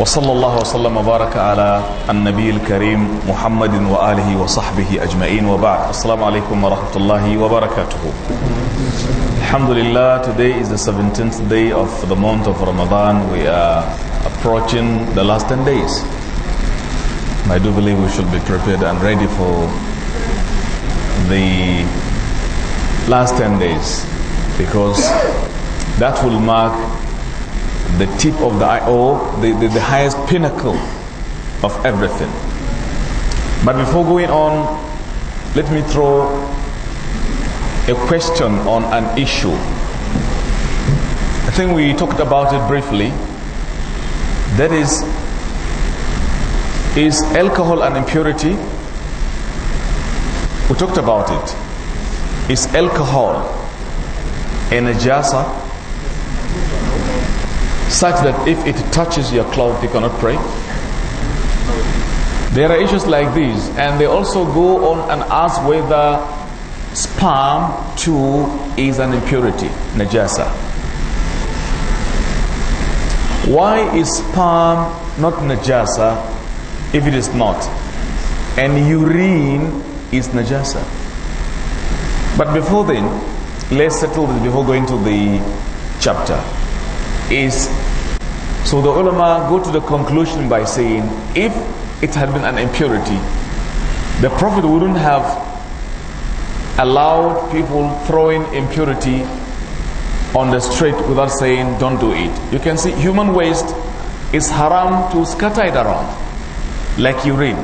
وصلى الله وسلم وبارك على النبي الكريم محمد وآله وصحبه أجمعين وبعد السلام عليكم ورحمة الله وبركاته الحمد لله today is the 17th day of the month of Ramadan we are approaching the last 10 days I do believe we should be prepared and ready for the last 10 days because that will mark the tip of the eye or the, the, the highest pinnacle of everything. But before going on, let me throw a question on an issue. I think we talked about it briefly. That is, is alcohol an impurity? We talked about it. Is alcohol a najasa? such that if it touches your cloth, you cannot pray? There are issues like these, and they also go on and ask whether sperm too is an impurity, najasa. Why is sperm not najasa if it is not? And urine is najasa. But before then, let's settle this before going to the chapter is so the ulama go to the conclusion by saying if it had been an impurity the prophet wouldn't have allowed people throwing impurity on the street without saying don't do it you can see human waste is haram to scatter it around like urine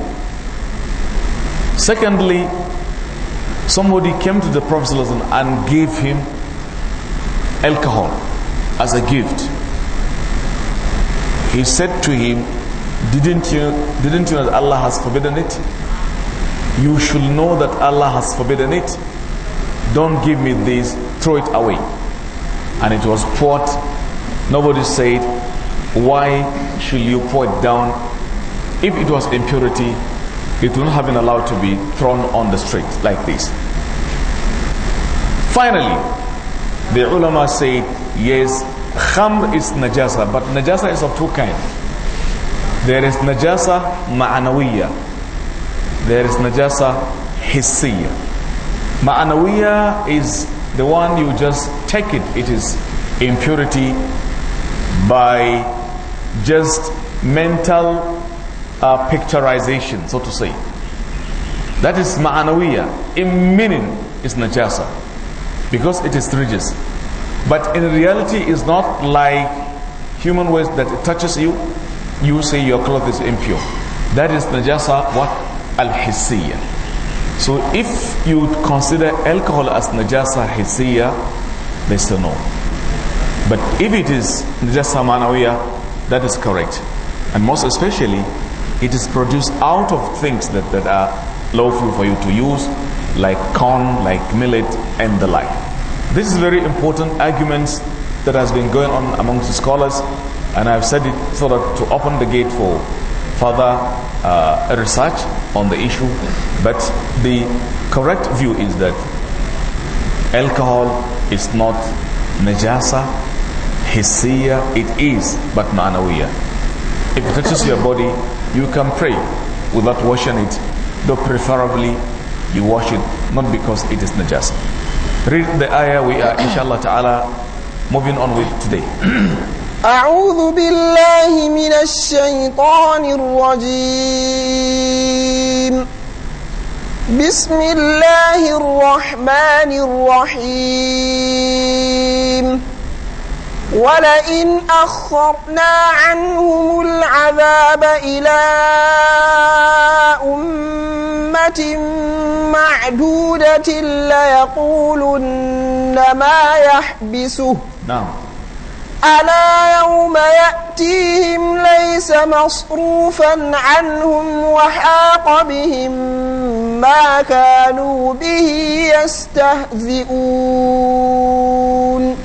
secondly somebody came to the prophet and gave him alcohol as a gift he said to him, didn't you, didn't you know that Allah has forbidden it? You should know that Allah has forbidden it. Don't give me this, throw it away. And it was poured. Nobody said, why should you pour it down? If it was impurity, it would not have been allowed to be thrown on the street like this. Finally, the ulama said, yes, Khamr is najasa, but najasa is of two kinds. There is najasa ma'anawiya. There is najasa hissiya. Ma'anawiya is the one you just take it. It is impurity by just mental uh, picturization, so to say. That is ma'anawiya. In meaning, is najasa. Because it is religious. But in reality, it's not like human waste that it touches you, you say your cloth is impure. That is najasa, what? Al-hissiyah. So if you consider alcohol as najasa hissiyah, they say no. But if it is najasa manawiya, that is correct. And most especially, it is produced out of things that, that are lawful for you to use, like corn, like millet, and the like. This is very important arguments that has been going on amongst the scholars and I've said it so that to open the gate for further uh, research on the issue. But the correct view is that alcohol is not najasa, hissiya, it is, but manawiya. If it touches your body, you can pray without washing it, though preferably you wash it not because it is najasa. Read the ayah we are, inshallah ta'ala, moving on with today. أعوذ بالله من الشيطان الرجيم بسم الله الرحمن الرحيم ولئن أخرنا عنهم العذاب إلى أمة معدودة ليقولن ما يحبسه نعم ألا يوم يأتيهم ليس مصروفا عنهم وحاق بهم ما كانوا به يستهزئون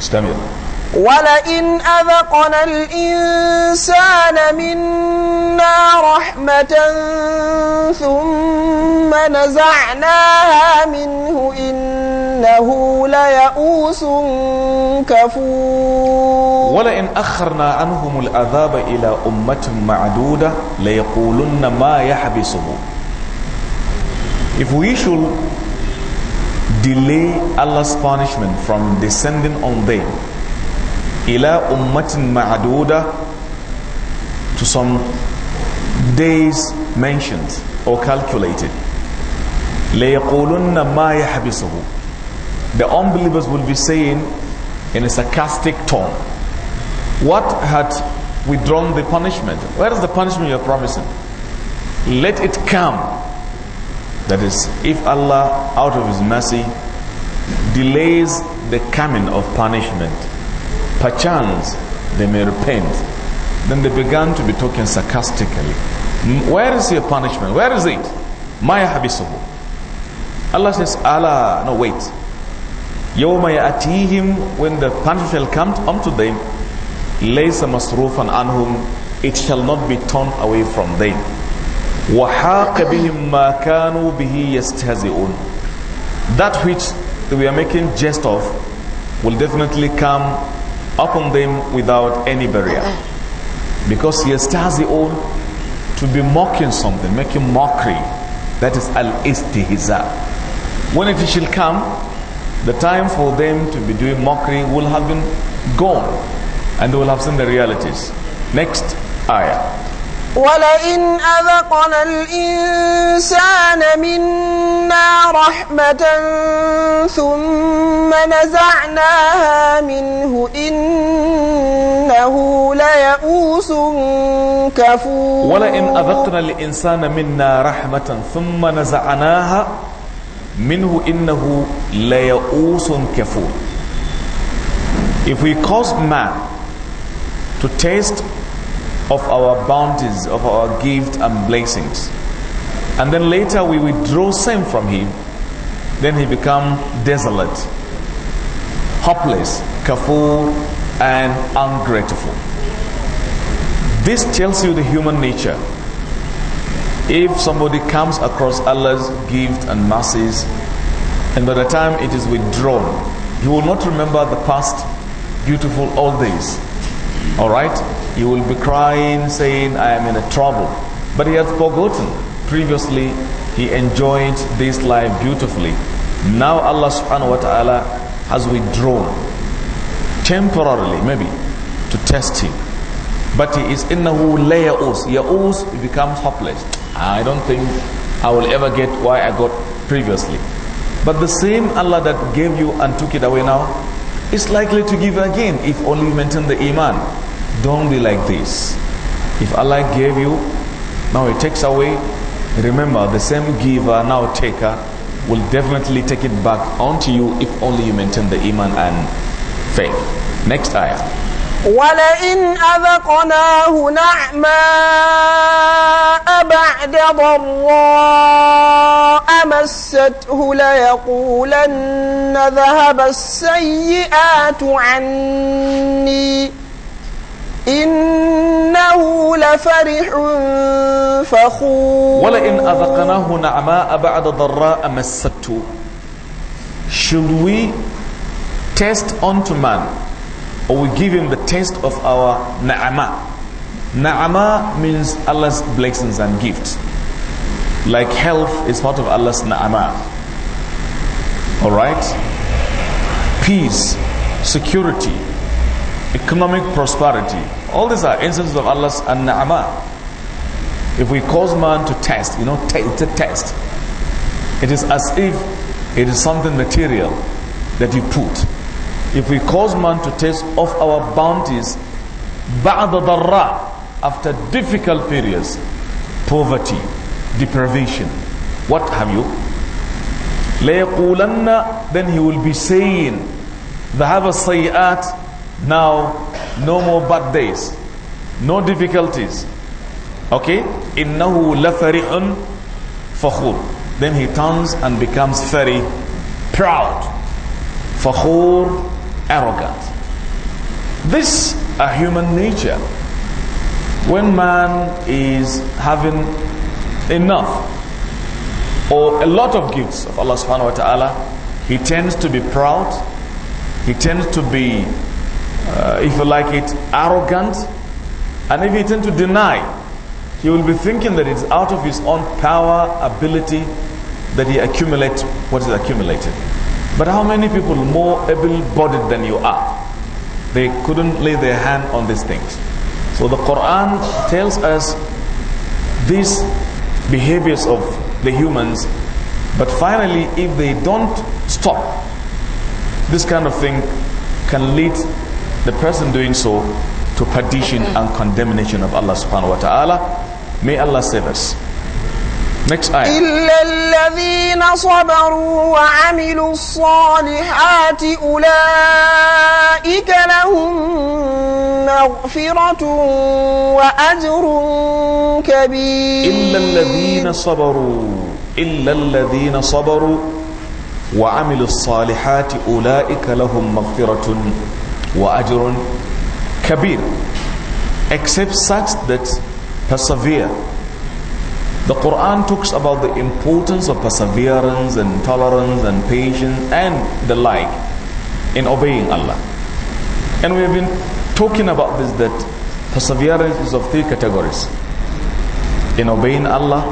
استمعوا ولئن أذقنا الإنسان منا رحمة ثم نزعناها منه إنه ليئوس كفور ولئن أخرنا عنهم العذاب إلى أمة معدودة ليقولن ما يحبسه If we should delay Allah's punishment from descending on them ila ummatin ma'aduda to some days mentioned or calculated لَيَقُولُنَّ مَا يَحْبِسُهُ The unbelievers will be saying in a sarcastic tone, What had withdrawn the punishment? Where is the punishment you're promising? Let it come. That is, if Allah, out of His mercy, delays the coming of punishment, Perchance they may repent. Then they began to be talking sarcastically. Where is your punishment? Where is it? Maya habisuhu. Allah says, Allah, no, wait. Yawma ya'atihim, when the punishment shall come unto them, laysa masrufan anhum, it shall not be torn away from them. وَحَاقَ بِهِمْ مَا كَانُوا بِهِ يَسْتَهْزِئُونَ That which we are making jest of will definitely come upon them without any barrier. Because he stars the old to be mocking something, making mockery. That is al-istihza. When it shall come, the time for them to be doing mockery will have been gone. And they will have seen the realities. Next ayah. ولئن أذقنا الإنسان منا رحمة ثم نزعناها منه إنه ليئوس كفور ولئن أذقنا الإنسان منا رحمة ثم نزعناها منه إنه ليئوس كفور If we cause man to taste of our bounties, of our gift and blessings. And then later we withdraw same from him. Then he become desolate, hopeless, kafur, and ungrateful. This tells you the human nature. If somebody comes across Allah's gift and mercies, and by the time it is withdrawn, he will not remember the past beautiful old days all right? He will be crying, saying, I am in a trouble. But he has forgotten. Previously, he enjoyed this life beautifully. Now Allah subhanahu wa ta'ala has withdrawn temporarily, maybe, to test him. But he is in innahu layaus. Yaus becomes hopeless. I don't think I will ever get why I got previously. But the same Allah that gave you and took it away now is likely to give again if only you maintain the iman. Don't be like this. If Allah gave you, now He takes away. Remember, the same giver, now taker, will definitely take it back onto you if only you maintain the iman and faith. Next ayah. ولئن أذقناه نعماء بعد ضراء مسته ليقولن ذهب السيئات عني إنه لفرح فخور ولئن أذقناه نعماء بعد ضراء مسته Should we test unto man or we give him the taste of our na'ama. Na'ama means Allah's blessings and gifts. Like health is part of Allah's na'ama. Alright? Peace, security, economic prosperity. All these are instances of Allah's na'ama. If we cause man to test, you know, it's a test. It is as if it is something material that you put if we cause man to taste of our bounties بعد ضراء after difficult periods poverty deprivation what have you ليقولن then he will be saying ذهب السيئات now no more bad days no difficulties okay إنه لفرح فخور then he turns and becomes very proud فخور arrogant. This a human nature. When man is having enough or a lot of gifts of Allah subhanahu wa ta'ala, he tends to be proud, he tends to be, uh, if you like it, arrogant, and if he tends to deny, he will be thinking that it's out of his own power, ability, that he accumulates what is accumulated. But how many people more able-bodied than you are? They couldn't lay their hand on these things. So the Quran tells us these behaviors of the humans. But finally, if they don't stop, this kind of thing can lead the person doing so to perdition and condemnation of Allah subhanahu wa ta'ala. May Allah save us. Next ayah. إلا الذين صبروا وعملوا الصالحات أولئك لهم مغفرة وأجر كبير إلا الذين صبروا إلا الذين صبروا وعملوا الصالحات أولئك لهم مغفرة وأجر كبير except such that persevere The Quran talks about the importance of perseverance and tolerance and patience and the like in obeying Allah. And we have been talking about this that perseverance is of three categories. In obeying Allah,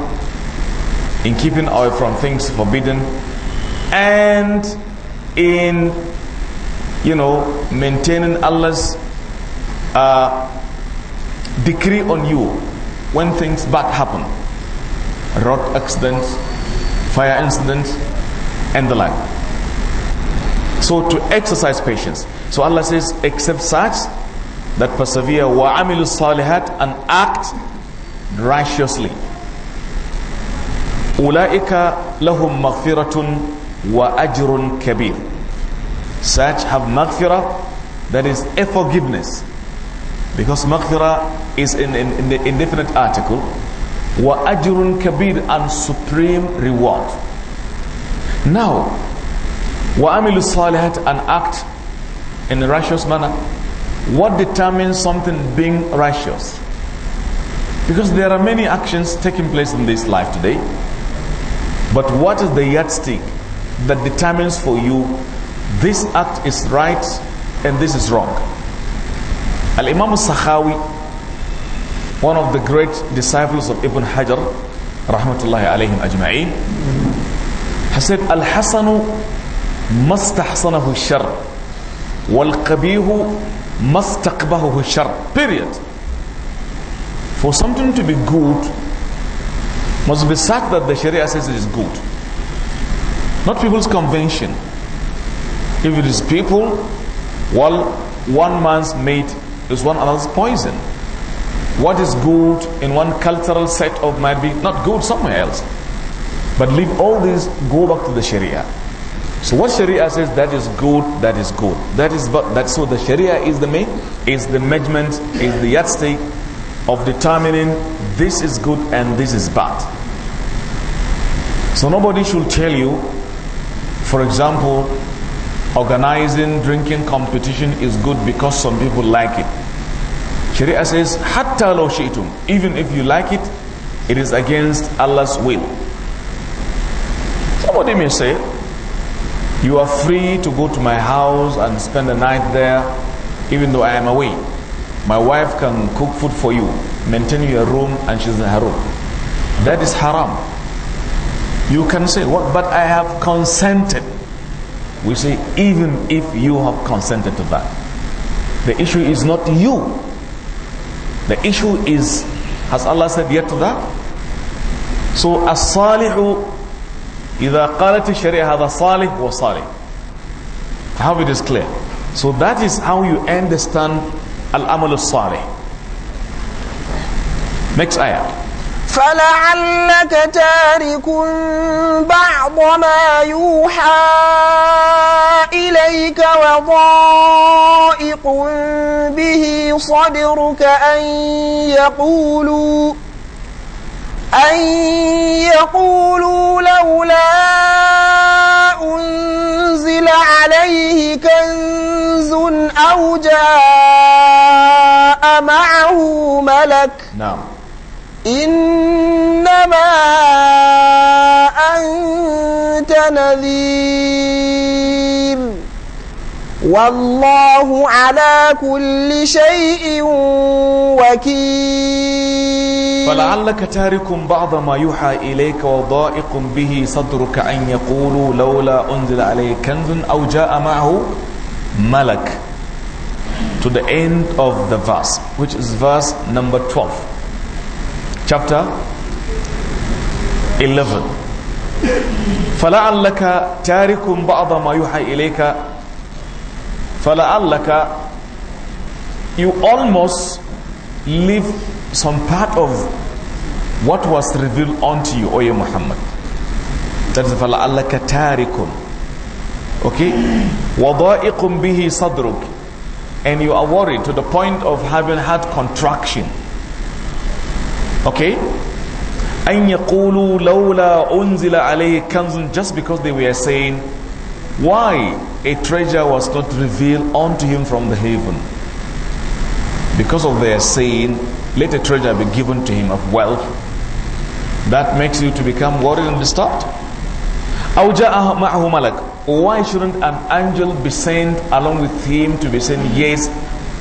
in keeping away from things forbidden, and in you know maintaining Allah's uh, decree on you when things bad happen road accidents, fire incidents, and the like. So to exercise patience. So Allah says, except such that persevere wa amilu salihat and act righteously. Ulaika lahum maghfiratun wa ajrun kabir. Such have maghfirah, that is a forgiveness. Because maghfirah is an in, in, in indefinite article wa ajrun kabir and supreme reward now wa amilu salihat and act in a righteous manner what determines something being righteous because there are many actions taking place in this life today but what is the yardstick that determines for you this act is right and this is wrong al-imam al-sakhawi one of the great disciples of Ibn Hajar, rahmatullahi alayhim ajma'in, has said, Al-Hasanu mastahsanahu shar, wal-qabihu mastaqbahu shar, period. For something to be good, must be such that the Sharia says it is good. Not people's convention. If it is people, well, one man's meat is one another's poison. What is good in one cultural set of might be not good somewhere else. But leave all this, go back to the Sharia. So what Sharia says, that is good, that is good. That is but that so the Sharia is the main, is the measurement, is the yardstick of determining this is good and this is bad. So nobody should tell you, for example, organizing drinking competition is good because some people like it. Sharia says, Hatta lo shi'tum. Even if you like it, it is against Allah's will. Somebody may say, you are free to go to my house and spend the night there, even though I am away. My wife can cook food for you, maintain your room, and she's in her room. That is haram. You can say, what? But I have consented. We say, even if you have consented to that, the issue is not you the issue is, has Allah said yet to that? So, as-salihu إِذَا قَالَتِ الشَّرِيعَ هَذَا صَالِح وَصَالِح I it is clear. So that is how you understand al-amal al-salih. Next ayah. فلعلك تارك بعض ما يوحى إليك وضائق به صدرك أن يقولوا أن يقولوا لولا أنزل عليه كنز أو جاء معه ملك نعم no. إنما أنت نذير والله على كل شيء وكيل فلعلك تارك بعض ما يوحى إليك وضائق به صدرك أن يقولوا لولا أنزل عليه كنز أو جاء معه ملك to the end of the verse which is verse number 12 chapter 11 فلعلك تَارِكُمْ بعض ما يُحَيِّ إليك فلعلك you almost leave some part of what was revealed unto you O ya Muhammad that is فلعلك أَلَكَ تَارِكُمْ okay وضائق به صدرك and you are worried to the point of having had contraction Okay? just because they were saying why a treasure was not revealed unto him from the heaven because of their saying let a treasure be given to him of wealth that makes you to become worried and disturbed why shouldn't an angel be sent along with him to be saying yes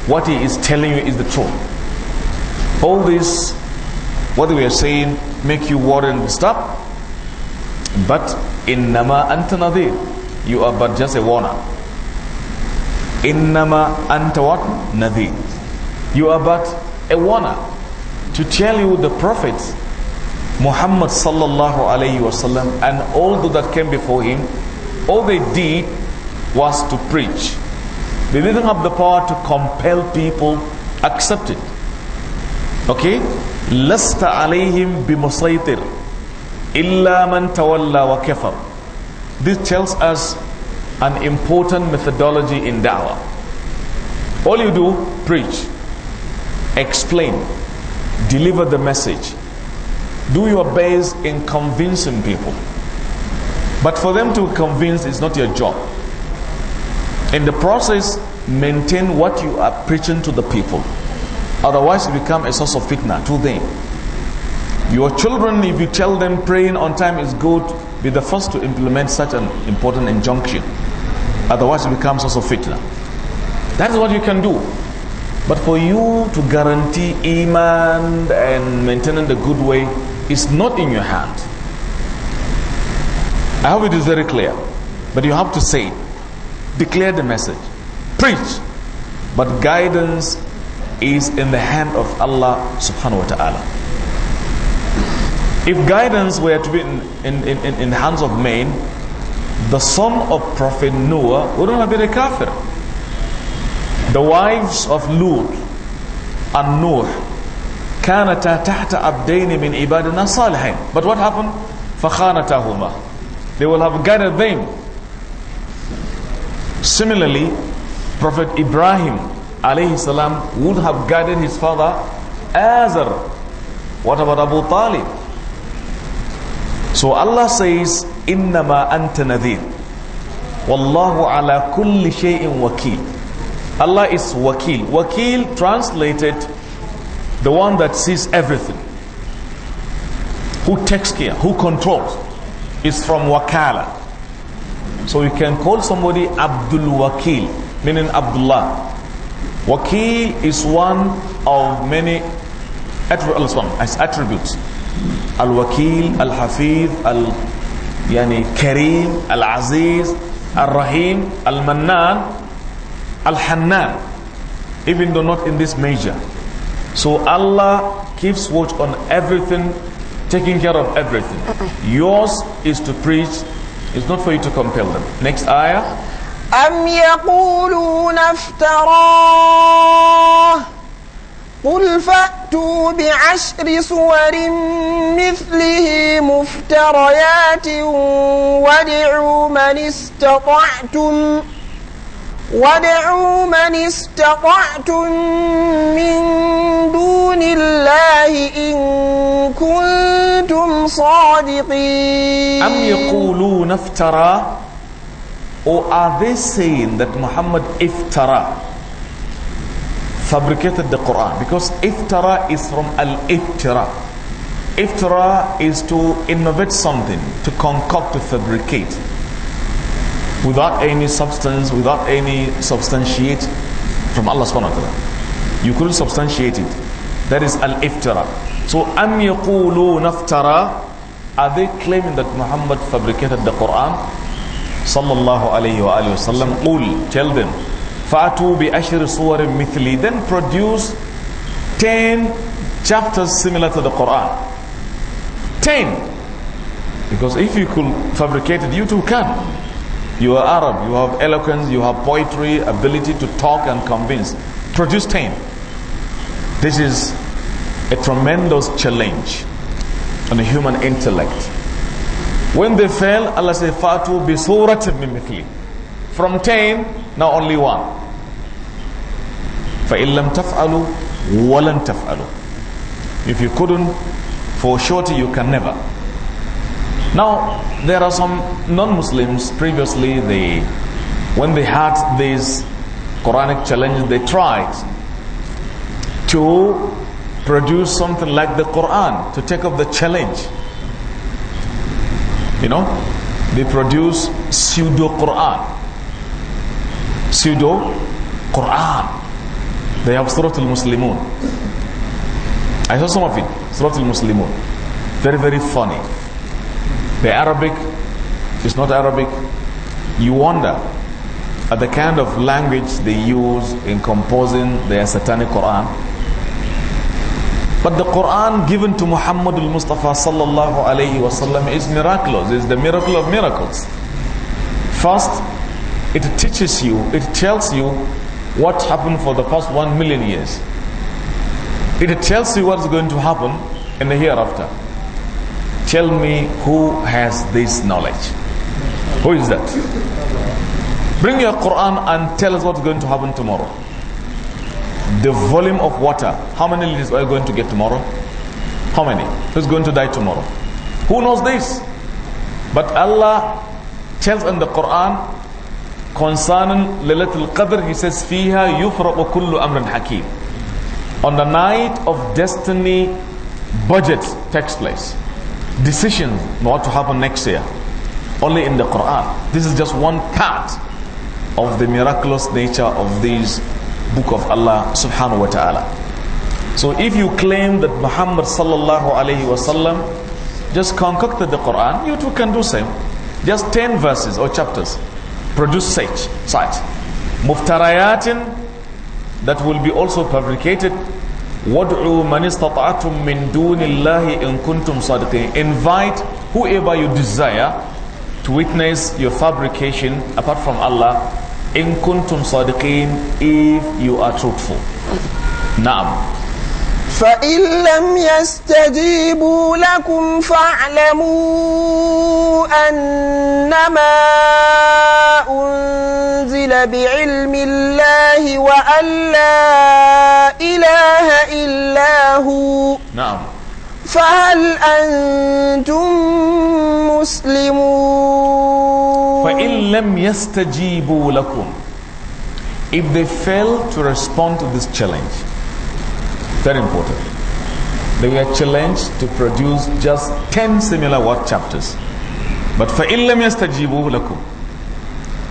what he is telling you is the truth all this what we are saying make you worry and stop. But in anta nadir. You are but just a warner. in anta what? Nadir. You are but a warner to tell you the prophets Muhammad sallallahu alayhi wasallam and all that came before him, all they did was to preach. They didn't have the power to compel people accept it. Okay? لَسْتَ عَلَيْهِمْ بِمُسَيْطِرٍ إِلَّا مَنْ تَوَلَّى وَكَفَرٍ This tells us an important methodology in da'wah. All you do, preach, explain, deliver the message. Do your best in convincing people. But for them to convince is not your job. In the process, maintain what you are preaching to the people. Otherwise, it becomes a source of fitna to them. Your children, if you tell them praying on time is good, be the first to implement such an important injunction. Otherwise, it becomes also fitna. That is what you can do. But for you to guarantee iman and maintaining the good way is not in your hand. I hope it is very clear. But you have to say it. Declare the message. Preach. But guidance is in the hand of Allah subhanahu wa ta'ala. If guidance were to be in, in, in, in hands of men, the son of Prophet Noah wouldn't have been a kafir. The wives of Lut and Noah كانتا تحت عبدين من عبادنا صالحين but what happened فخانتاهما they will have guided them similarly prophet Ibrahim alayhi salam would have guided his father Azar. What about Abu Talib? So Allah says, إِنَّمَا anta نَذِيرٌ وَاللَّهُ ala kulli shay'in wakil. Allah is wakil. Wakil translated the one that sees everything. Who takes care, who controls, is from wakala. So you can call somebody Abdul Wakil, meaning Abdullah. Wakil is one of many attributes. Al-Wakil, Al-Hafiz, Al, yani Kareem, Al-Aziz, Al-Rahim, Al-Mannan, Al-Hannan. Even though not in this measure. So Allah keeps watch on everything, taking care of everything. Uh-uh. Yours is to preach. It's not for you to compel them. Next ayah. أم يقولون افتراه قل فأتوا بعشر صور مثله مفتريات وادعوا من استطعتم وادعوا من استطعتم من دون الله إن كنتم صادقين أم يقولون افتراه Or are they saying that Muhammad iftara, fabricated the Quran? Because iftara is from al iftara Iftara is to innovate something, to concoct, to fabricate. Without any substance, without any substantiate from Allah subhanahu wa ta'ala. You couldn't substantiate it. That is al-iftara. So, am yaqulu naftara? Are they claiming that Muhammad fabricated the Quran? sallallahu alayhi wa sallam Tell them فَأَتُوا بِأَشْرِ صُوَرٍ Then produce 10 chapters similar to the Quran. 10. Because if you could fabricate it, you too can. You are Arab, you have eloquence, you have poetry, ability to talk and convince. Produce 10. This is a tremendous challenge on the human intellect. When they fell, Allah said, Fatu bi suratin mimithli. From ten, now only one. فَإِن لَمْ تَفْعَلُوا وَلَنْ تَفْعَلُوا If you couldn't, for surety you can never. Now, there are some non-Muslims, previously, they, when they had these Quranic challenges, they tried to produce something like the Quran, to take up the challenge. You know, they produce pseudo Quran. Pseudo Quran. They have Surah Al Muslimun. I saw some of it. Surah Al Muslimun. Very, very funny. The Arabic is not Arabic. You wonder at the kind of language they use in composing their satanic Quran but the Quran given to Muhammad al-Mustafa sallallahu alayhi wasallam is miraculous. It's the miracle of miracles. First, it teaches you, it tells you what happened for the past one million years. It tells you what is going to happen in the hereafter. Tell me who has this knowledge. Who is that? Bring your Quran and tell us what's going to happen tomorrow the volume of water, how many liters are you going to get tomorrow? How many? Who's going to die tomorrow? Who knows this? But Allah tells in the Quran concerning Laylatul Qadr, He says, فِيهَا يُفْرَقُ كُلُّ أَمْرٍ حَكِيمٍ On the night of destiny, budgets takes place. Decisions what to happen next year. Only in the Quran. This is just one part of the miraculous nature of these book of Allah subhanahu wa ta'ala. So if you claim that Muhammad sallallahu alayhi wasallam just concocted the Quran, you too can do same. Just 10 verses or chapters. Produce such, such. Muftarayatin that will be also fabricated. وَادْعُوا مَنِ اسْتَطَعْتُم مِّن دُونِ in kuntum كُنْتُمْ Invite whoever you desire to witness your fabrication apart from Allah إن كنتم صادقين if you are truthful نعم فإن لم يستجيبوا لكم فاعلموا أنما أنزل بعلم الله وأن لا إله إلا هو نعم فهل أنتم مسلمون فإن لم يستجيبوا لكم if they fail to respond to this challenge very important they were challenged to produce just 10 similar word chapters but فإن لم يستجيبوا لكم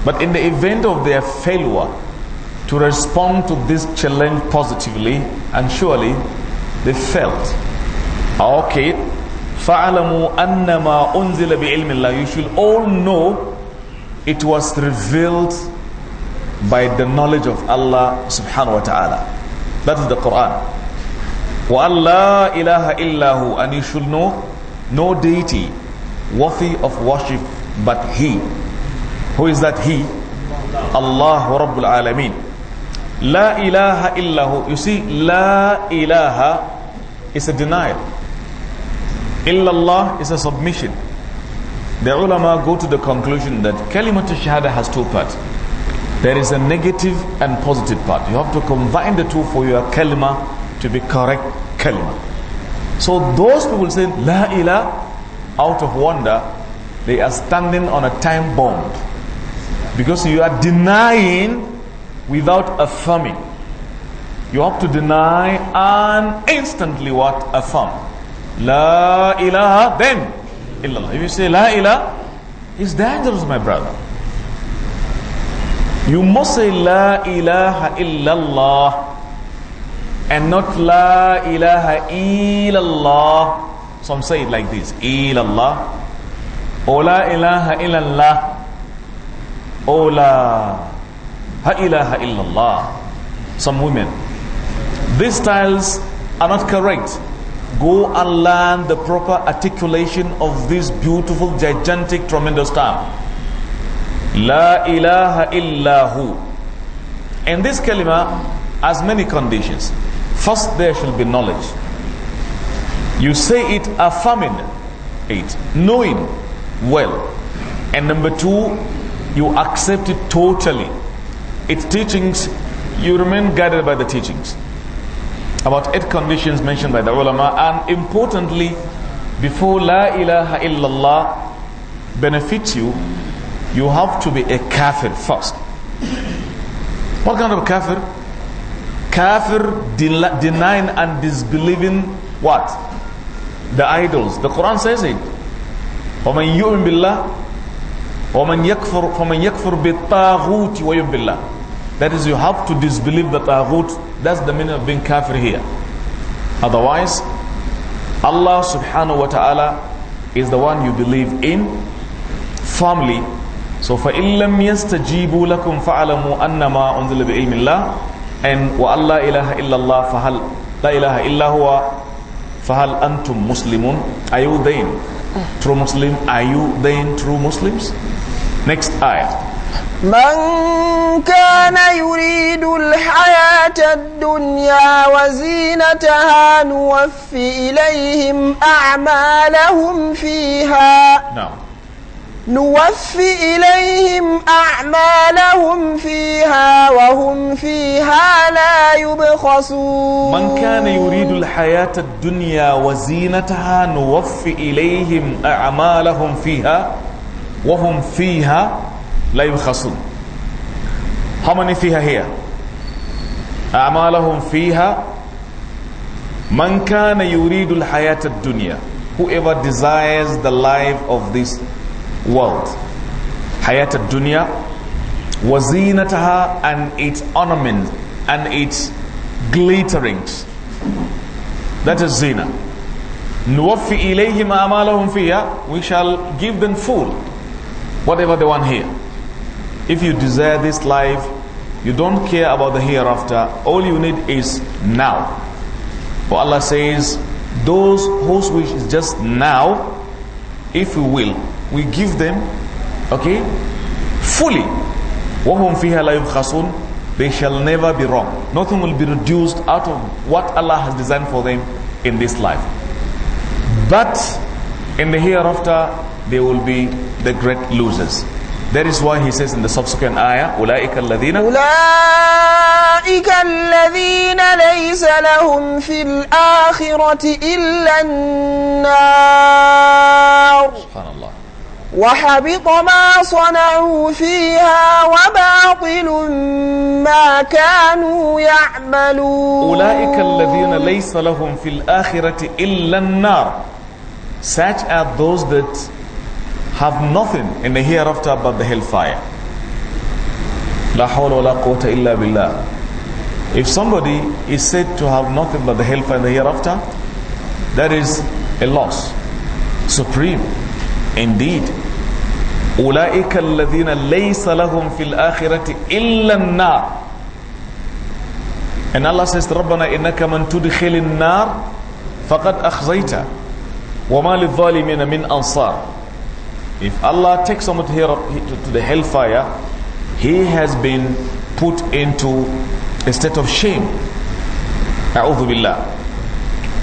but in the event of their failure to respond to this challenge positively and surely they failed Okay. فَعَلَمُوا أَنَّمَا أُنزِلَ بِعِلْمِ اللَّهِ You should all know it was revealed by the knowledge of Allah subhanahu wa ta'ala. That is the Quran. وَأَلَّا إِلَهَ إِلَّهُ And you should know no deity worthy of worship but He. Who is that He? Allah Rabbul Alameen. La ilaha illahu. You see, la ilaha is a denial. Illallah is a submission. The ulama go to the conclusion that kalimat shahada has two parts. There is a negative and positive part. You have to combine the two for your kalima to be correct kalima. So those people say la ilah out of wonder, they are standing on a time bomb. Because you are denying without affirming. You have to deny and instantly what? Affirm. La ilaha then illallah. If you say La ilaha, it's dangerous, my brother. You must say La ilaha illallah and not La ilaha illallah. Some say it like this illallah ola oh, La ilaha illallah ola oh, La ha ilaha illallah. Some women. These styles are not correct. Go and learn the proper articulation of this beautiful, gigantic, tremendous term. La ilaha illahu. In this kalima, as many conditions. First, there shall be knowledge. You say it affirming it, knowing well. And number two, you accept it totally. Its teachings, you remain guided by the teachings about eight conditions mentioned by the ulama and importantly before la ilaha illallah benefits you you have to be a kafir first what kind of kafir kafir denying and disbelieving what the idols the quran says it ومن يؤمن بالله ومن يكفر فمن يكفر بالطاغوت ويؤمن بالله that is, you have to disbelieve the taghut. That's the meaning of being kafir here. Otherwise, Allah subhanahu wa ta'ala is the one you believe in firmly. So فَإِن لَمْ يَسْتَجِيبُوا لَكُمْ فَعَلَمُوا أَنَّمَا أُنزِلَ بِعِلْمِ اللَّهِ And وَأَلَّا إِلَهَ إِلَّا اللَّهِ فَهَلْ لَا إِلَهَ إِلَّا هُوَ فَهَلْ أَنْتُمْ مُسْلِمُونَ Are you then true Muslim? Are you then true Muslims? Next ayah. من كان يريد الحياة الدنيا وزينتها نوف إليهم أعمالهم فيها نعم نوف إليهم أعمالهم فيها وهم فيها لا يبخسون من كان يريد الحياة الدنيا وزينتها نوف إليهم أعمالهم فيها وهم فيها لا يبخسون how many فيها هي أعمالهم فيها من كان يريد الحياة الدنيا whoever desires the life of this world حياة الدنيا وزينتها and its ornament and its glitterings that is zina نوفي إليهم أعمالهم فيها we shall give them full whatever they want here if you desire this life, you don't care about the hereafter. All you need is now. For Allah says, those whose wish is just now, if we will, we give them, okay, fully. وَهُمْ فِيهَا لَا يُبْخَصُونَ They shall never be wrong. Nothing will be reduced out of what Allah has designed for them in this life. But in the hereafter, they will be the great losers. That is why he says in the subsequent ayah, أولئك الذين أولئك الذين ليس لهم في الآخرة إلا النار سبحان الله وحبط ما صنعوا فيها وباطل ما كانوا يعملون أولئك الذين ليس لهم في الآخرة إلا النار Such are those that have nothing in the hereafter but the hellfire. La hawla wa la quwwata illa billah. If somebody is said to have nothing but the hellfire in the hereafter, that is a loss. Supreme. Indeed. أولئك الذين ليس لهم في الآخرة إلا النار And Allah says ربنا إنك من تدخل النار فقد أخزيته وما للظالمين من أنصار if Allah takes someone to, to the hellfire, he has been put into a state of shame. أعوذ بالله.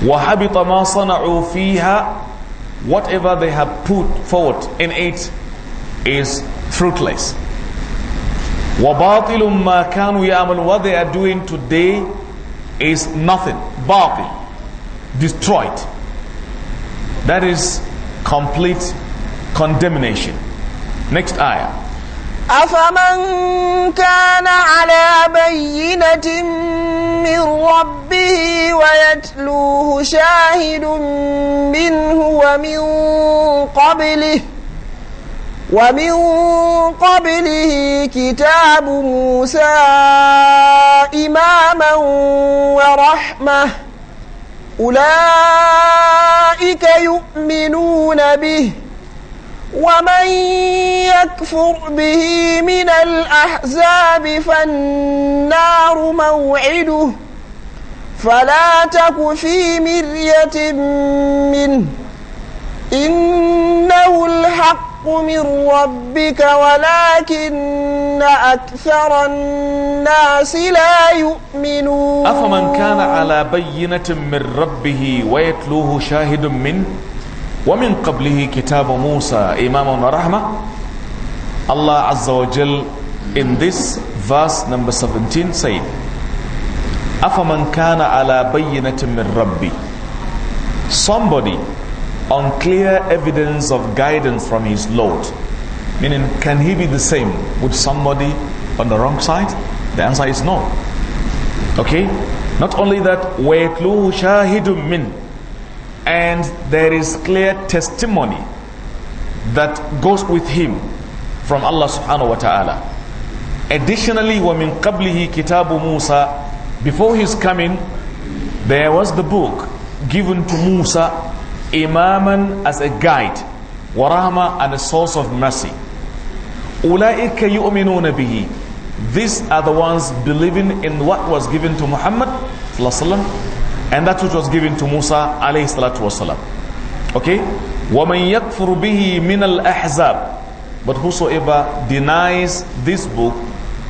وَحَبِطَ مَا صَنَعُوا فِيهَا Whatever they have put forward in it is fruitless. وَبَاطِلٌ مَا كَانُوا What they are doing today is nothing. Batil. Destroyed. That is complete condemnation. Next ayah. أفمن كان على بينة من ربه ويتلوه شاهد منه ومن قبله ومن قبله كتاب موسى إماما ورحمة أولئك يؤمنون به ومن يكفر به من الأحزاب فالنار موعده فلا تك في مرية منه إنه الحق من ربك ولكن أكثر الناس لا يؤمنون أفمن كان على بينة من ربه ويتلوه شاهد منه ومن قبله كتاب موسى إمام ورحمة Allah Azza wa Jal in this verse number 17 said أَفَمَنْ كَانَ عَلَى بَيِّنَةٍ مِّن رَبِّي Somebody on clear evidence of guidance from his Lord. Meaning, can he be the same with somebody on the wrong side? The answer is no. Okay? Not only that, وَيَتْلُوهُ شَاهِدٌ مِّنْ and there is clear testimony that goes with him from Allah subhanahu wa ta'ala. Additionally, وَمِن قَبْلِهِ كِتَابُ مُوسَى Before his coming, there was the book given to Musa, imaman as a guide, warahma and a source of mercy. أُولَئِكَ يُؤْمِنُونَ بِهِ These are the ones believing in what was given to Muhammad sallallahu and that which was given to Musa alayhi salatu wasalam. Okay? وَمَنْ يَكْفُرْ بِهِ مِنَ الْأَحْزَابِ But whosoever denies this book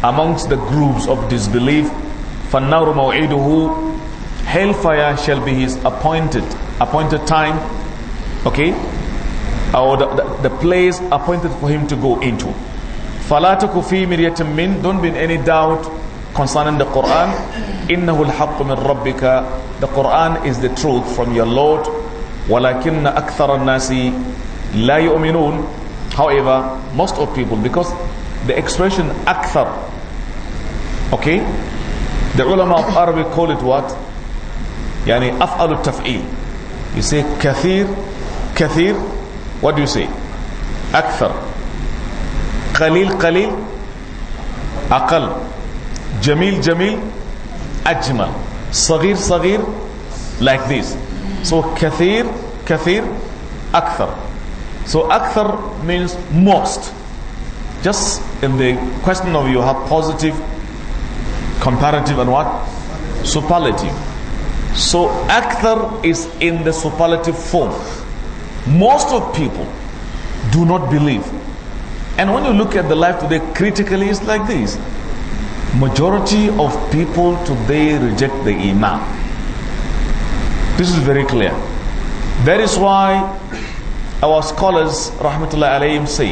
amongst the groups of disbelief, فَالنَّارُ مَوْعِدُهُ Hellfire shall be his appointed, appointed time, okay? Or the, the, the place appointed for him to go into. فلا تكفي تَكُ فِي مِرْيَةٍ مِّن Don't be in any doubt concerning the Quran, إِنَّهُ الْحَقُّ min Rabbika. The Quran is the truth from your Lord. وَلَكِنَّ أَكْثَرَ nasi لَا يُؤْمِنُونَ However, most of people, because the expression أكثر, okay, the ulama of Arabic call it what? يعني al التفعيل. You say "kathir," "kathir." what do you say? أكثر. "Khalil," "khalil." أقل. Jamil, Jamil, Ajmal. Sagir Sagir like this. So Kathir, Kathir, Akthar. So Akthar means most. Just in the question of you have positive, comparative and what? Superlative. So Akthar is in the superlative form. Most of people do not believe. And when you look at the life today critically, it's like this majority of people today reject the imam this is very clear that is why our scholars rahmatullah alayhim say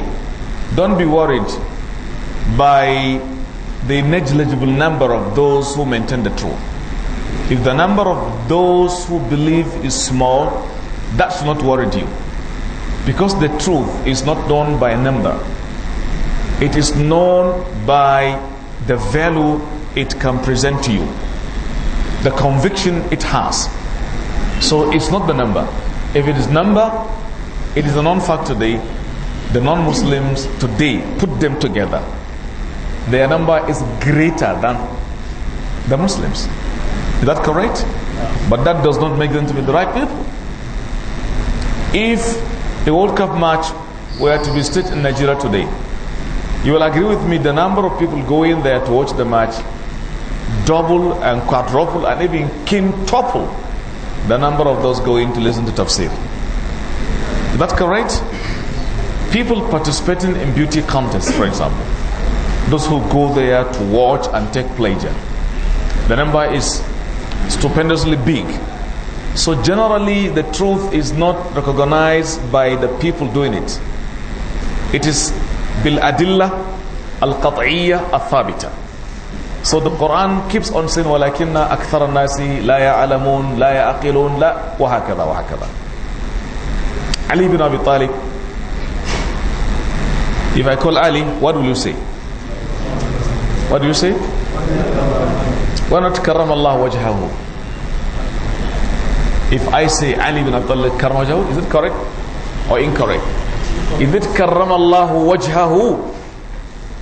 don't be worried by the negligible number of those who maintain the truth if the number of those who believe is small that's not worried you because the truth is not known by number it is known by the value it can present to you, the conviction it has. So it's not the number. If it is number, it is a non-factor today. The non-Muslims today, put them together. Their number is greater than the Muslims. Is that correct? But that does not make them to be the right people. If a World Cup match were to be staged in Nigeria today, you will agree with me, the number of people going there to watch the match double and quadruple and even quintuple the number of those going to listen to tafsir. Is that correct? People participating in beauty contests, for example. Those who go there to watch and take pleasure. The number is stupendously big. So generally, the truth is not recognized by the people doing it. It is بالأدلة القطعية الثابتة So the Quran keeps on saying ولكن أكثر الناس لا يعلمون لا يعقلون لا وهكذا وهكذا Ali bin Abi Talib If I call Ali, what will you say? What do you say? Why not karam Allah wajhahu? If I say Ali bin Abi Talib karam wajhahu, is it correct or incorrect? If it karram Allahu wajhahu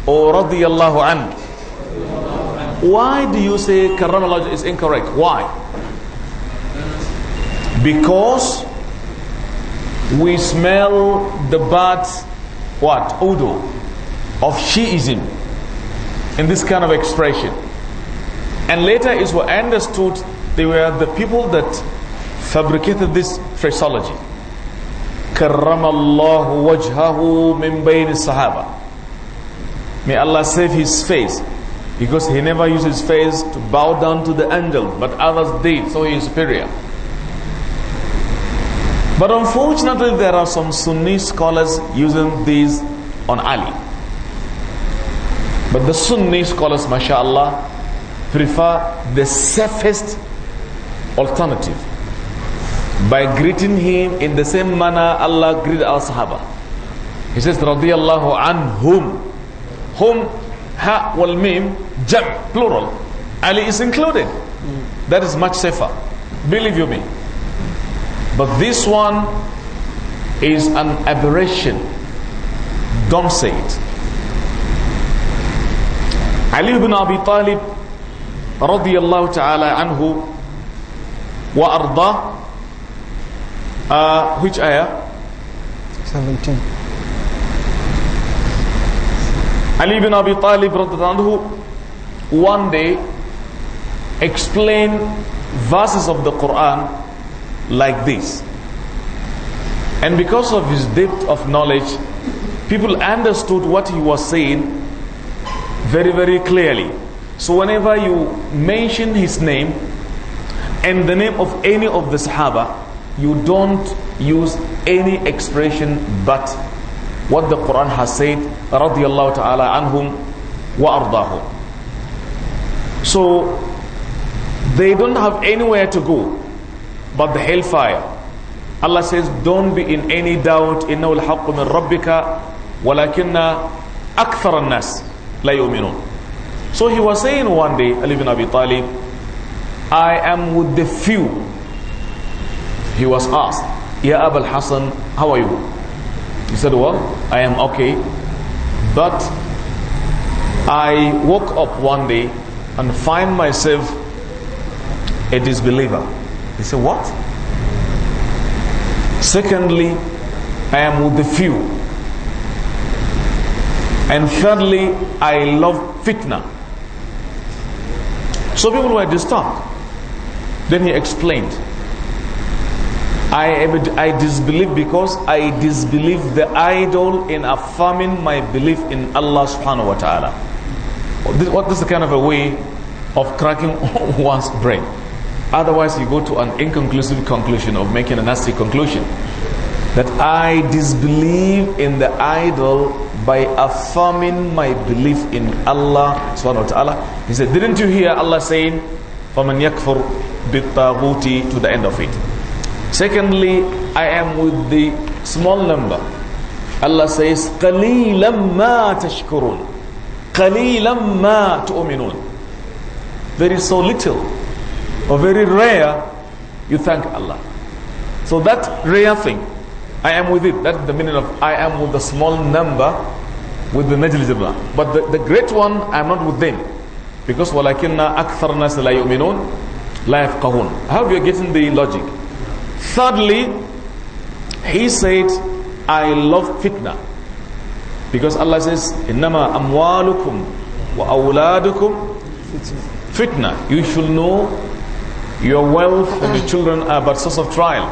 or Allahu an? Why do you say karram Allah is incorrect? Why? Because we smell the bad what? Odor of Shiism in this kind of expression. And later is what understood they were the people that fabricated this phraseology. كرم الله وجهه من بين الصحابة May Allah save his face because he never used his face to bow down to the angel but others did so he is superior but unfortunately there are some Sunni scholars using these on Ali but the Sunni scholars mashallah prefer the safest alternative by greeting him in the same manner Allah greeted our Sahaba. He says, radiyallahu anhum. Whom, ha wal mim, jam, plural. Ali is included. That is much safer. Believe you me. But this one is an aberration. Don't say it. Ali ibn Abi Talib radiyallahu ta'ala anhu wa ardah uh, which ayah? 17. Ali ibn Abi Talib one day explained verses of the Quran like this. And because of his depth of knowledge, people understood what he was saying very, very clearly. So whenever you mention his name and the name of any of the Sahaba, you don't use any expression but what the Quran has said radiyallahu ta'ala anhum wa ardahum so they don't have anywhere to go but the hellfire Allah says don't be in any doubt إِنَّهُ الْحَقُّ مِنْ رَبِّكَ وَلَكِنَّ أَكْثَرَ النَّاسِ لَا يُؤْمِنُونَ so he was saying one day Ali bin Abi Talib I am with the few he was asked, Ya Abul Hassan, how are you? He said, Well, I am okay. But I woke up one day and find myself a disbeliever. He said, What? Secondly, I am with the few. And thirdly, I love fitna. So people were disturbed. Then he explained I, am, I disbelieve because I disbelieve the idol in affirming my belief in Allah subhanahu wa ta'ala. This, what is the kind of a way of cracking one's brain? Otherwise, you go to an inconclusive conclusion of making a nasty conclusion. That I disbelieve in the idol by affirming my belief in Allah subhanahu wa ta'ala. He said, didn't you hear Allah saying, فَمَنْ يَكْفُرْ بِالطَّاغُوتِ to the end of it. Secondly, I am with the small number. Allah says, قَلِيلًا مَا تَشْكُرُونَ قَلِيلًا مَا تُؤْمِنُونَ There is so little or very rare you thank Allah. So that rare thing, I am with it. That's the meaning of I am with the small number, with the negligible. But the, the great one, I am not with them. Because وَلَكِنَّا أَكْثَرْ نَاسِ لَا يُؤْمِنُونَ لَا يَفْقَهُونَ How are you getting the logic? Thirdly, he said, I love fitna. Because Allah says, Innama amwalukum wa awladukum fitna. You should know your wealth and your children are but source of trial.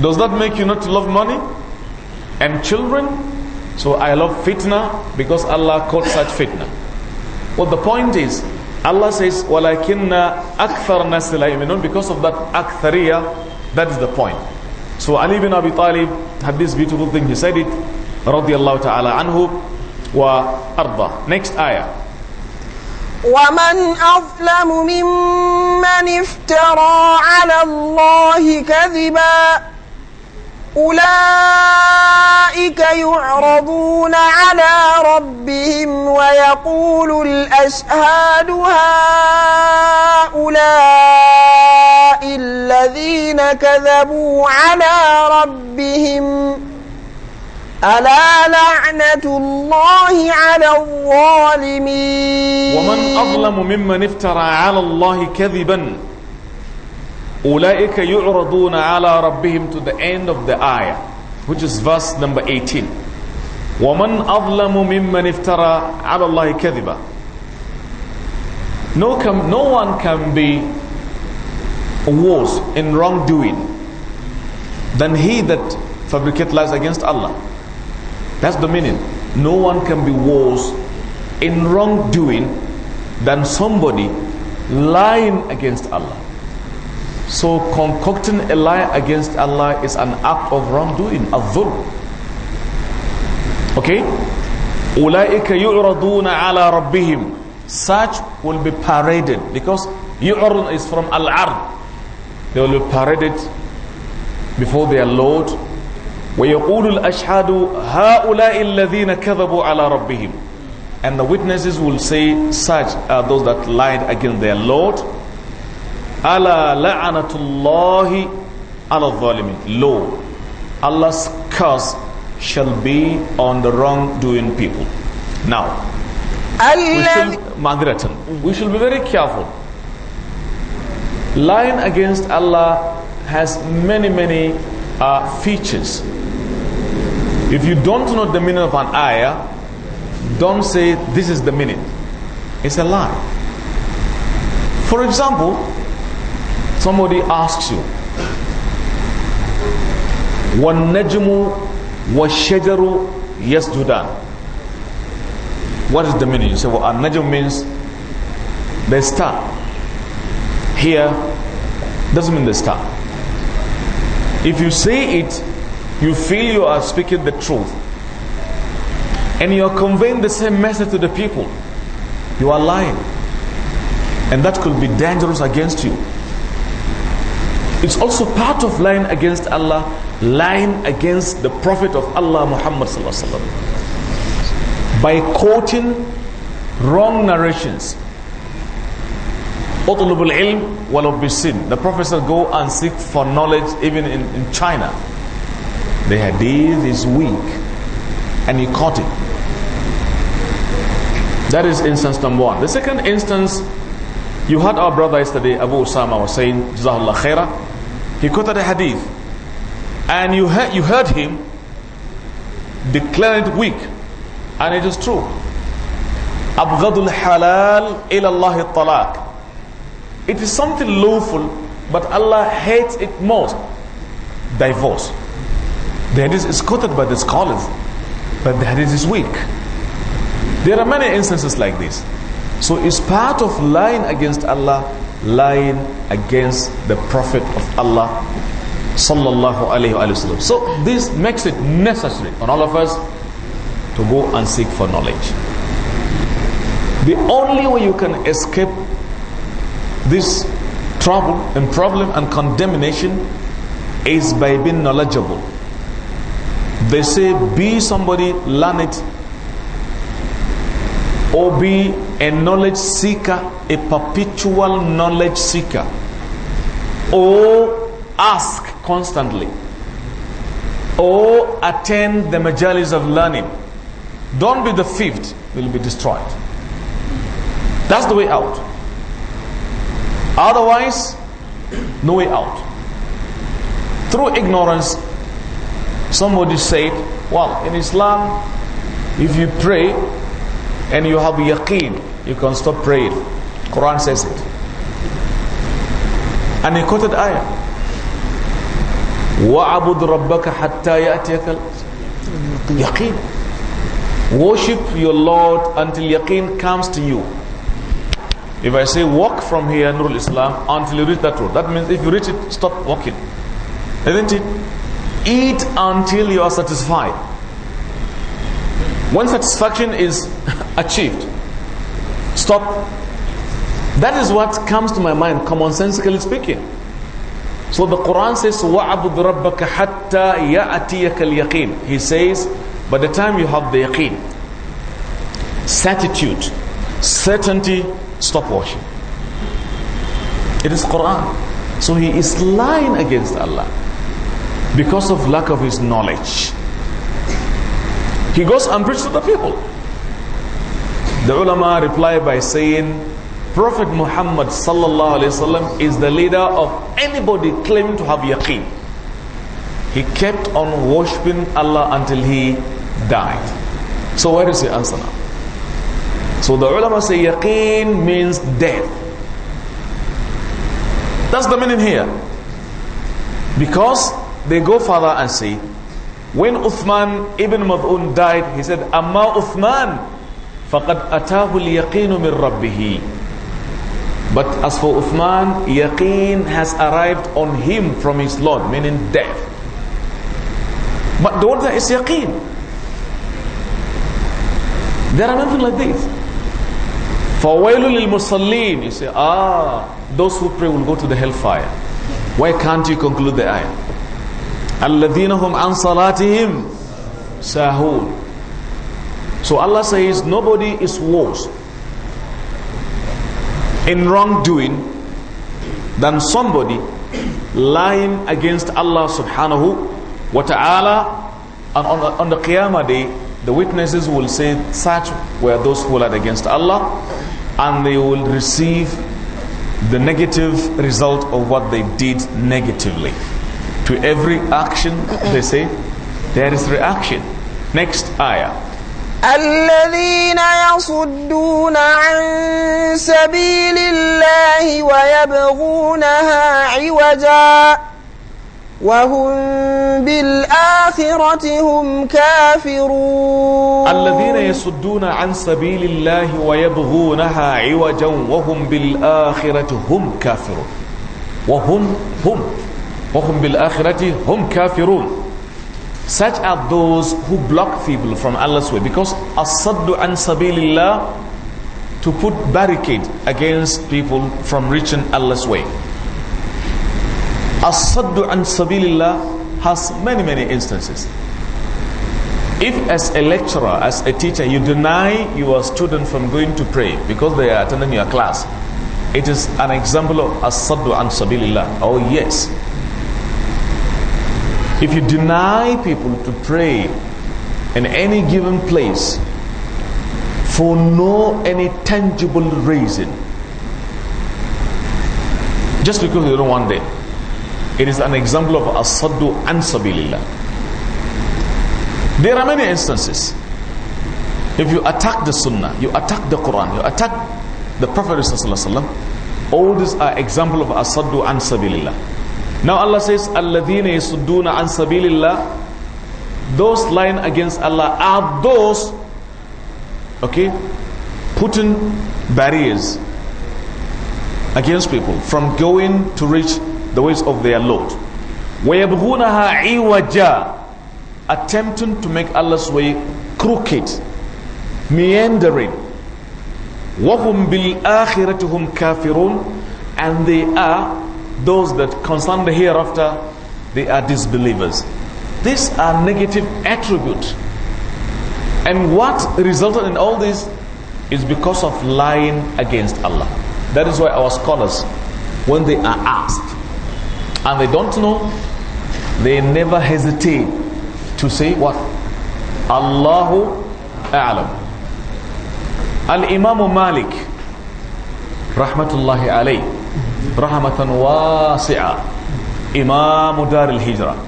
Does that make you not to love money and children? So I love fitna because Allah called such fitna. But the point is, Allah says, وَلَكِنَّ akthar النَّاسِ Because of that أَكْثَرِيَّة that is the point. So Ali bin Abi Talib had this beautiful thing. He said it, radiallahu ta'ala anhu wa arda. Next ayah. ومن أظلم ممن افترى على الله كذبا أولئك يعرضون على ربهم ويقول الأشهاد هؤلاء الذين كذبوا على ربهم ألا لعنة الله على الظالمين ومن أظلم ممن افترى على الله كذبا أولئك يعرضون على ربهم to the end of the ayah which is verse number 18 ومن أظلم ممن افترى على الله كذبا no, no one can be wars in wrongdoing than he that fabricate lies against Allah. That's the meaning. No one can be worse in wrongdoing than somebody lying against Allah. So concocting a lie against Allah is an act of wrongdoing, a dhulm. Okay? أُولَٰئِكَ يُعْرَضُونَ عَلَىٰ رَبِّهِمْ Such will be paraded because yu'rad is from al-ard they will be paraded before their Lord. وَيَقُولُ الْأَشْهَادُ هَؤُلَاءِ الَّذِينَ كَذَبُوا عَلَى رَبِّهِمْ And the witnesses will say, such are those that lied against their Lord. أَلَا لَعَنَةُ اللَّهِ عَلَى الظَّالِمِينَ Lo, Allah's curse shall be on the wrongdoing people. Now, we shall, we shall be very careful. Lying against Allah has many, many uh, features. If you don't know the meaning of an ayah, don't say this is the meaning. It's a lie. For example, somebody asks you, وَالنَّجْمُ وَالشَّجَرُ يَسْجُدَانِ What is the meaning? You say, well, an-najm means the star here doesn't mean the star. If you say it, you feel you are speaking the truth. And you are conveying the same message to the people. You are lying. And that could be dangerous against you. It's also part of lying against Allah, lying against the Prophet of Allah Muhammad by quoting wrong narrations Utlubul ilm walubisin. The Prophet said, go and seek for knowledge even in, in China. The hadith is weak. And he caught it. That is instance number one. The second instance, you heard our brother yesterday, Abu Osama was saying, Jazahullah khairah. He quoted a hadith. And you heard, you heard him declare it weak. And it is true. أبغض الحلال إلى الله it is something lawful, but Allah hates it most. Divorce. The hadith is quoted by the scholars, but the hadith is weak. There are many instances like this. So it's part of lying against Allah, lying against the Prophet of Allah sallallahu alayhi wa So this makes it necessary on all of us to go and seek for knowledge. The only way you can escape this trouble and problem and condemnation is by being knowledgeable. They say, be somebody, learn it, or be a knowledge seeker, a perpetual knowledge seeker, or ask constantly, or attend the majalis of learning. Don't be the fifth, you'll be destroyed. That's the way out. Otherwise, no way out. Through ignorance, somebody said, well, in Islam, if you pray and you have yaqeen, you can stop praying. Quran says it. And he quoted ayah. وَعَبُدْ رَبَّكَ حَتَّى يَأْتِيَكَ Yaqeen. Worship your Lord until yaqeen comes to you. If I say walk from here, Nurul Islam, until you reach that road, that means if you reach it, stop walking. Isn't it? Eat until you are satisfied. When satisfaction is achieved, stop. That is what comes to my mind, commonsensically speaking. So the Quran says, وَعَبُدْ رَبَّكَ حَتَّى يَأْتِيَكَ الْيَقِينَ He says, by the time you have the yaqeen, certitude, certainty, Stop worshiping. It is Quran. So he is lying against Allah because of lack of his knowledge. He goes and preaches to the people. The ulama reply by saying, Prophet Muhammad sallallahu alaihi wasallam is the leader of anybody claiming to have yaqeen. He kept on worshipping Allah until he died. So where is the answer now? So the ulama say yaqeen means death. That's the meaning here. Because they go further and say, when Uthman ibn Mad'un died, he said, Amma Uthman, فَقَدْ أَتَاهُ الْيَقِينُ min رَبِّهِ But as for Uthman, yaqeen has arrived on him from his Lord, meaning death. But the order is yaqeen. There are nothing like this. For Fawailul Musallin. You say, ah, those who pray will go to the hellfire. Why can't you conclude the ayah? Alladhina an salatihim sahul. So Allah says, nobody is worse in wrongdoing than somebody lying against Allah subhanahu wa ta'ala and on, on the Qiyamah day the witnesses will say such were those who lied against Allah and they will receive the negative result of what they did negatively to every action they say there is reaction next ayah الذين يصدون عن سبيل الله ويبغونها عوجا وهم بالآخرة هم كافرون الذين يصدون عن سبيل الله ويبغونها عوجا وهم بالآخرة هم كافرون وهم هم وهم بالآخرة هم كافرون Such are those who block people from Allah's way because asaddu an sabilillah to put barricade against people from reaching Allah's way. As-saddu an sabilillah has many, many instances. If as a lecturer, as a teacher, you deny your student from going to pray because they are attending your class, it is an example of as-saddu an sabilillah. Oh yes. If you deny people to pray in any given place for no any tangible reason, just because you don't want them, it is an example of asaddu an sabilillah. There are many instances. If you attack the sunnah, you attack the Quran, you attack the Prophet ﷺ, all these are example of asaddu an sabilillah. Now Allah says, alladhina yasudduna an sabilillah. Those lying against Allah are those, okay, putting barriers against people from going to reach the ways of their Lord. وَيَبْغُونَهَا عِوَجًا Attempting to make Allah's way crooked, meandering. وَهُمْ بِالْآخِرَةِ كَافِرُونَ And they are those that concern the hereafter, they are disbelievers. These are negative attributes. And what resulted in all this is because of lying against Allah. That is why our scholars, when they are asked, and they don't know, they never hesitate to say what? Allahu A'lam. Al-Imam Malik, rahmatullahi alayh, rahmatan wasi'a, Imam Dar al-Hijrah.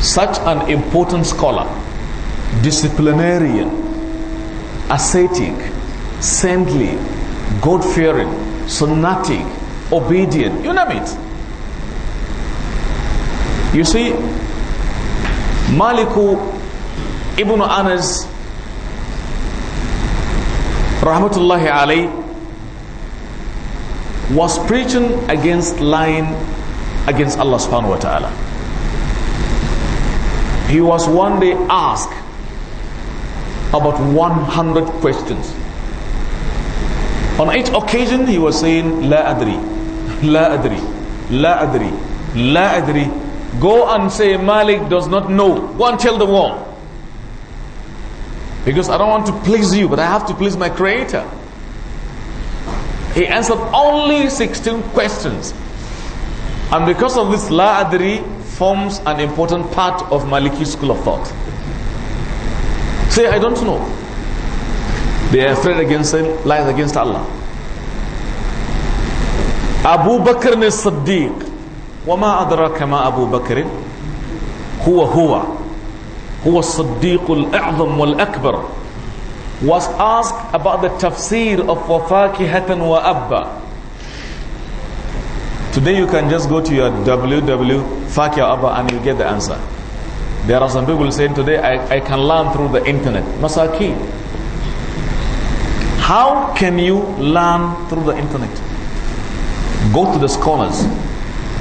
Such an important scholar, disciplinarian, ascetic, saintly, God-fearing, sunnatic, obedient, you name it. You see, Maliku Ibn Anas Rahmatullahi alayh was preaching against lying against Allah subhanahu wa ta'ala. He was one day asked about 100 questions. On each occasion he was saying, La adri, la adri, la adri, la adri, Go and say Malik does not know. Go and tell the world. Because I don't want to please you, but I have to please my creator. He answered only 16 questions. And because of this, La Adri forms an important part of Maliki school of thought. Say, I don't know. They are afraid against lies against Allah. Abu Bakr as-Siddiq وما أدراك ما أبو بكر هو هو هو الصديق الأعظم والأكبر was asked about the tafsir of wa abba. Today you can just go to your www.fakihaabba and you get the answer. There are some people saying today I, I can learn through the internet. Masaki. How can you learn through the internet? Go to the scholars.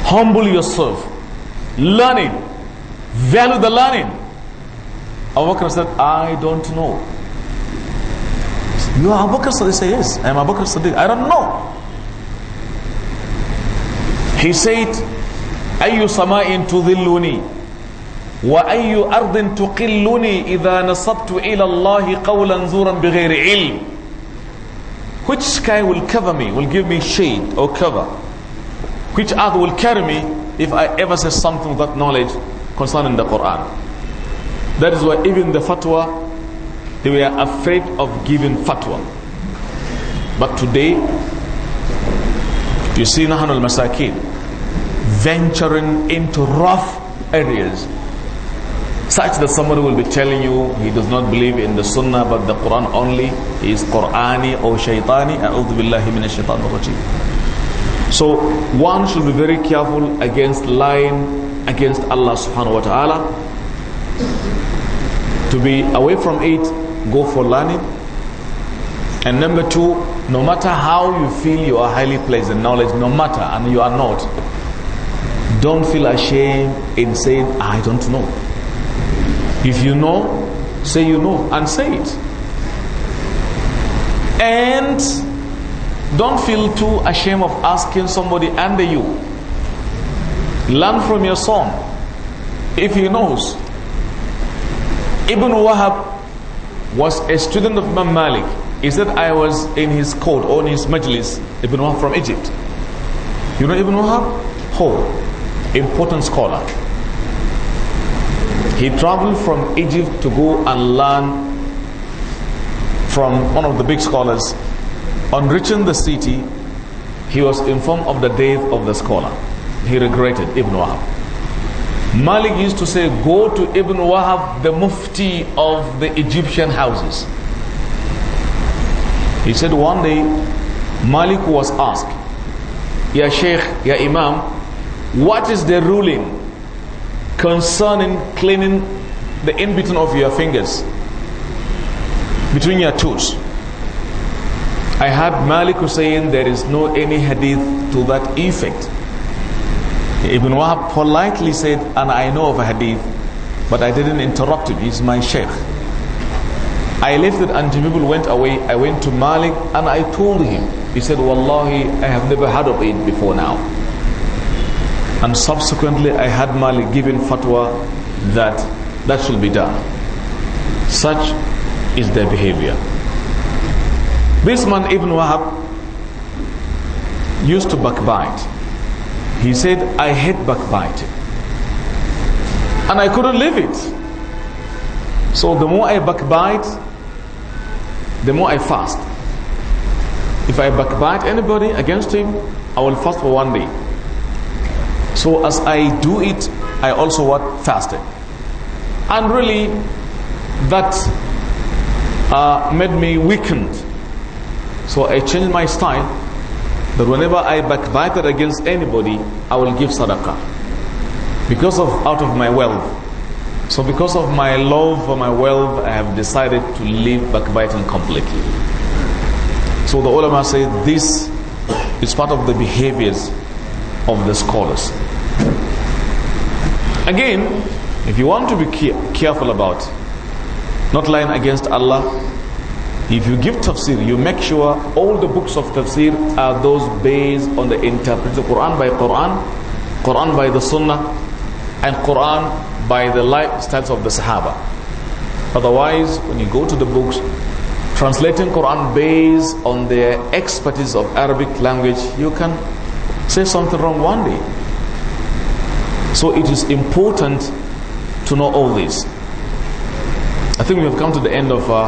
Humble yourself. Learn it. Value the learning. Abu said, I don't know. You are Abu Bakr Siddiq? He yes, I am Abu Bakr Siddiq. I don't know. He said, أي سماء تظلني وأي أرض تقلني idha nasabtu ila Allah قولا zuran بغير علم Which sky will cover me, will give me shade or cover? which earth will carry me if I ever say something with that knowledge concerning the Quran. That is why even the fatwa, they were afraid of giving fatwa. But today, you see Nahan al-Masakin venturing into rough areas such that somebody will be telling you he does not believe in the sunnah but the Quran only is Qurani or shaitani. A'udhu billahi minash shaitanir rajim. So one should be very careful against lying against Allah subhanahu wa ta'ala. To be away from it, go for learning. And number two, no matter how you feel you are highly placed in knowledge, no matter, and you are not, don't feel ashamed in saying, I don't know. If you know, say you know and say it. And don't feel too ashamed of asking somebody under you. Learn from your son if he knows. Ibn Wahab was a student of Imam Malik. He said, I was in his court or in his majlis, Ibn Wahab from Egypt. You know Ibn Wahab? Oh, important scholar. He traveled from Egypt to go and learn from one of the big scholars on reaching the city, he was informed of the death of the scholar. He regretted Ibn Wahab. Malik used to say, go to Ibn Wahab, the mufti of the Egyptian houses. He said one day, Malik was asked, Ya Sheikh, Ya Imam, what is the ruling concerning cleaning the in-between of your fingers, between your toes? I had Malik saying there is no any hadith to that effect. Ibn Wahab politely said, and I know of a hadith, but I didn't interrupt him. He's my sheikh. I left it and people went away. I went to Malik and I told him. He said, Wallahi, I have never heard of it before now. And subsequently, I had Malik giving fatwa that that should be done. Such is their behavior. This man, Ibn Wahab, used to backbite. He said, I hate backbiting. And I couldn't live it. So the more I backbite, the more I fast. If I backbite anybody against him, I will fast for one day. So as I do it, I also what fasted. And really, that uh, made me weakened so I changed my style that whenever I backbited against anybody, I will give sadaqah. Because of out of my wealth. So because of my love for my wealth, I have decided to leave backbiting completely. So the ulama say this is part of the behaviors of the scholars. Again, if you want to be care careful about not lying against Allah, if you give tafsir, you make sure all the books of tafsir are those based on the interpretation of Quran by Quran, Quran by the Sunnah, and Quran by the lifestyles of the Sahaba. Otherwise, when you go to the books, translating Quran based on their expertise of Arabic language, you can say something wrong one day. So it is important to know all this. I think we have come to the end of uh,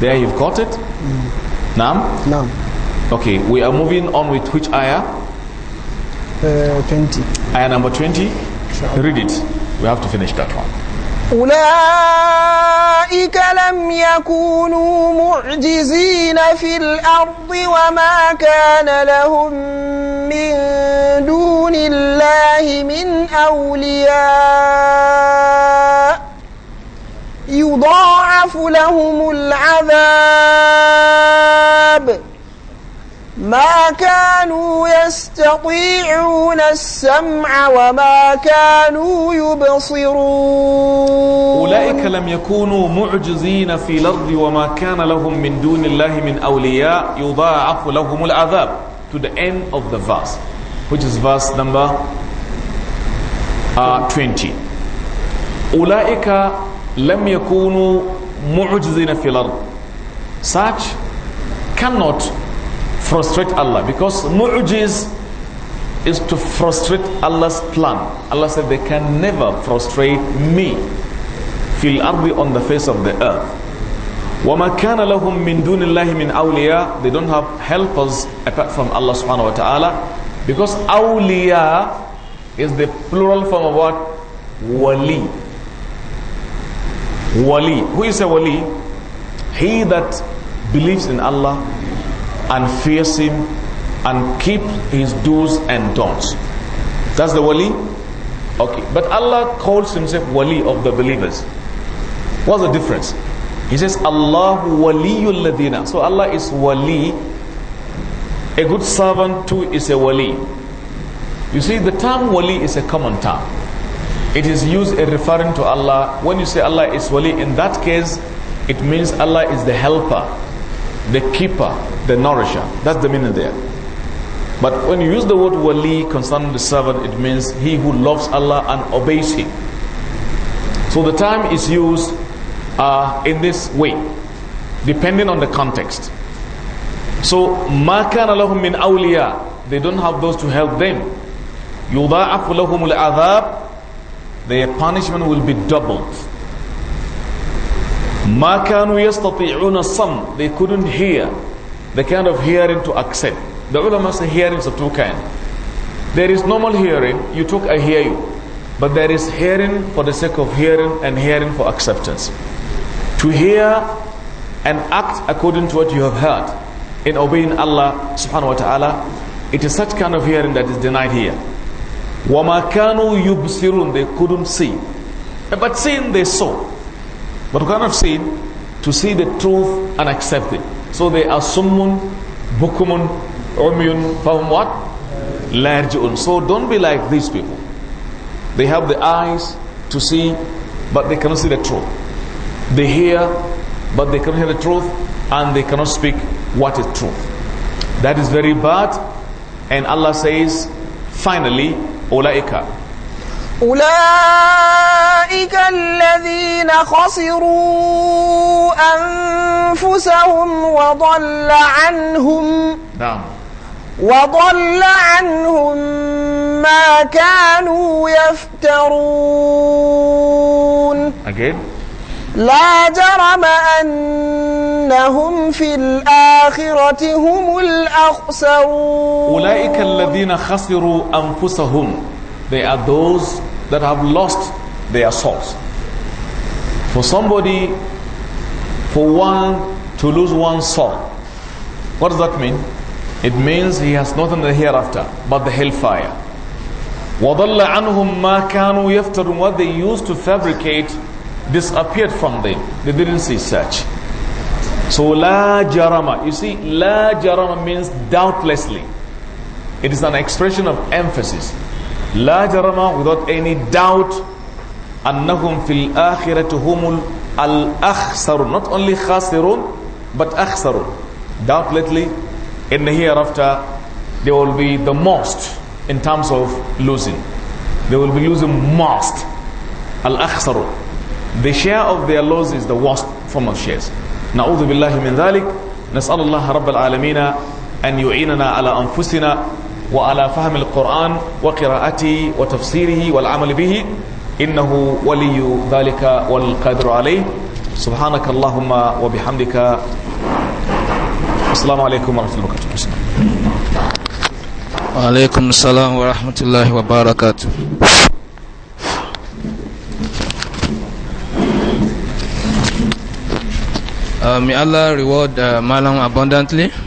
there you've got it? Mm. Nam? Nam. Okay, we are moving on with which ayah? Uh, 20. Ayah number 20? Sure. Read it. We have to finish that one. أولئك لم يكونوا معجزين في الأرض وما كان لهم من دون الله من أولياء يضاعف لهم العذاب ما كانوا يستطيعون السمع وما كانوا يبصرون أولئك لم يكونوا معجزين في الأرض وما كان لهم من دون الله من أولياء يضاعف لهم العذاب to the end of the verse which is verse number uh, 20 أولئك لم يكونوا معجزين في الأرض such cannot frustrate Allah because mu'jiz is to frustrate Allah's plan Allah said they can never frustrate me في الأرض on the face of the earth وَمَا كَانَ لَهُم مِّن دُونِ اللَّهِ مِنْ أَوْلِيَا They don't have helpers apart from Allah subhanahu wa ta'ala because awliya is the plural form of what? Wali. Wali. Who is a wali? He that believes in Allah and fears Him and keeps His do's and don'ts. That's the wali. Okay. But Allah calls Himself wali of the believers. What's the difference? He says, Allah waliyul ladina. So Allah is wali. A good servant too is a wali. You see, the term wali is a common term. It is used in referring to Allah. When you say Allah is wali, in that case, it means Allah is the helper, the keeper, the nourisher. That's the meaning there. But when you use the word wali concerning the servant, it means he who loves Allah and obeys him. So the time is used uh, in this way, depending on the context. So, مَا كَانَ لَهُم مِّنْ They don't have those to help them. يُضَاعَفُ لَهُمُ الْعَذَابُ their punishment will be doubled. They couldn't hear the kind of hearing to accept. The ulama say hearings of two kinds. There is normal hearing, you talk, I hear you. But there is hearing for the sake of hearing and hearing for acceptance. To hear and act according to what you have heard in obeying Allah subhanahu wa ta'ala, it is such kind of hearing that is denied here. وَمَا يُبْصِرُونَ They couldn't see. But seeing they saw. But kind of seen? To see the truth and accept it. So they are summun, bukumun, umyun, from what? Larjun. So don't be like these people. They have the eyes to see, but they cannot see the truth. They hear, but they cannot hear the truth, and they cannot speak what is truth. That is very bad. And Allah says, finally, أولئك أولئك الذين خسروا أنفسهم وضل عنهم نعم وضل عنهم ما كانوا يفترون Again. لا جرم أنهم في الآخرة هم الأخسرون أولئك الذين خسروا أنفسهم They are those that have lost their souls For somebody, for one to lose one's soul What does that mean? It means he has nothing the hereafter but the hellfire وَضَلَّ عَنْهُمْ مَا كَانُوا يَفْتَرُونَ What they used to fabricate disappeared from them. They didn't see such. So la jarama, you see, la jarama means doubtlessly. It is an expression of emphasis. La jarama without any doubt. Annahum fil akhiratuhumul al akhsarun. Not only khasirun, but akhsarun. Doubtlessly, in the hereafter, they will be the most in terms of losing. They will be losing most. Al akhsarun. The share of their loss is the worst form of shares. نعوذ بالله من ذلك نسأل الله رب العالمين أن يعيننا على أنفسنا وعلى فهم القرآن وقراءته وتفسيره والعمل به إنه ولي ذلك والقادر عليه سبحانك اللهم وبحمدك السلام عليكم ورحمة الله وبركاته وعليكم السلام ورحمة الله وبركاته Uh, may Allah reward uh, Malam abundantly.